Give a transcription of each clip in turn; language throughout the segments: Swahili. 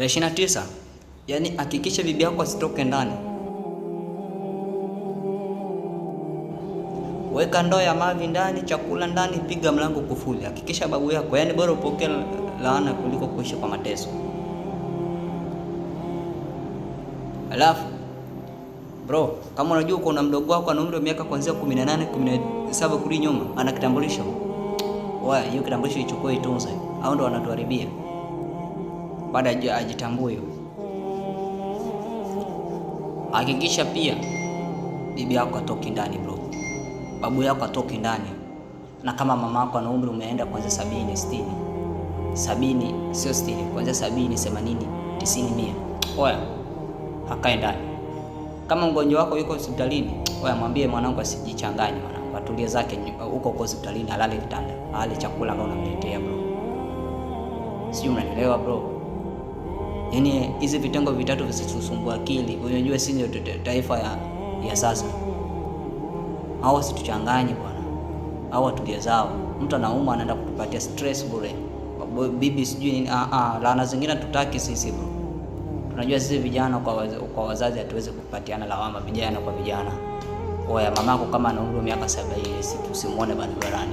Tarehe 29. Yaani hakikisha bibi yako asitoke ndani. Weka ndoo ya mavi ndani, chakula ndani, piga mlango kufuli. Hakikisha babu yako, yaani bora upokee laana kuliko kuishi kwa mateso. Alafu bro, kama unajua uko na mdogo wako ana umri wa miaka kuanzia 18, 17 kurudi nyuma, ana kitambulisho. Wewe hiyo kitambulisho ichukue itunze, au ndo wanatuharibia baada ya ajitambue. Hakikisha pia bibi yako atoki ndani bro, babu yako atoki ndani, na kama mama yako ana umri umeenda kuanzia sabini, sitini, sabini sio sitini, kuanzia sabini, themanini, tisini, mia, oya akae ndani. Kama mgonjwa wako yuko hospitalini, oya mwambie mwanangu asijichanganye, mwanangu atulie zake uh, huko kwa hospitalini, alale kitanda, ale chakula kama unamletea bro. Sijui unanielewa bro yani hizi vitengo vitatu visitusumbua akili. Unajua sisi ndio taifa ya, ya sasa. Hawa situchanganye bwana. au Hawa zao. Mtu anauma anaenda kutupatia stress bure. Bibi sijui nini. Ah, ah, laana zingine tutaki sisi bro. Tunajua sisi vijana kwa wazazi, kwa wazazi hatuwezi kupatiana lawama vijana kwa vijana. Oya, mamako kama ana umri wa miaka sabini usimuone barabarani.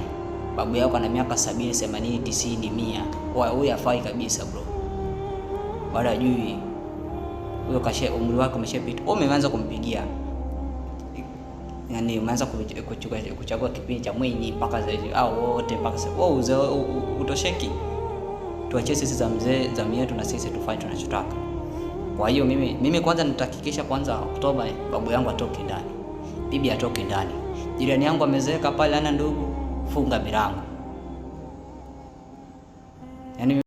Babu yako ana miaka sabini, themanini, tisini, mia. Oya, huyu afai kabisa bro wala jui huyo kashe umri wake umeshapita, wewe umeanza kumpigia yani, umeanza kuchagua kipindi cha mwenye mpaka zaidi au wote mpaka sasa wewe uzee utosheki. Tuachie sisi za mzee za mietu, na sisi tufanye tunachotaka. Kwa hiyo mimi mimi kwanza nitahakikisha kwanza Oktoba babu yangu atoke ndani, bibi atoke ndani, jirani yangu amezeeka pale, ana ndugu, funga milango yani.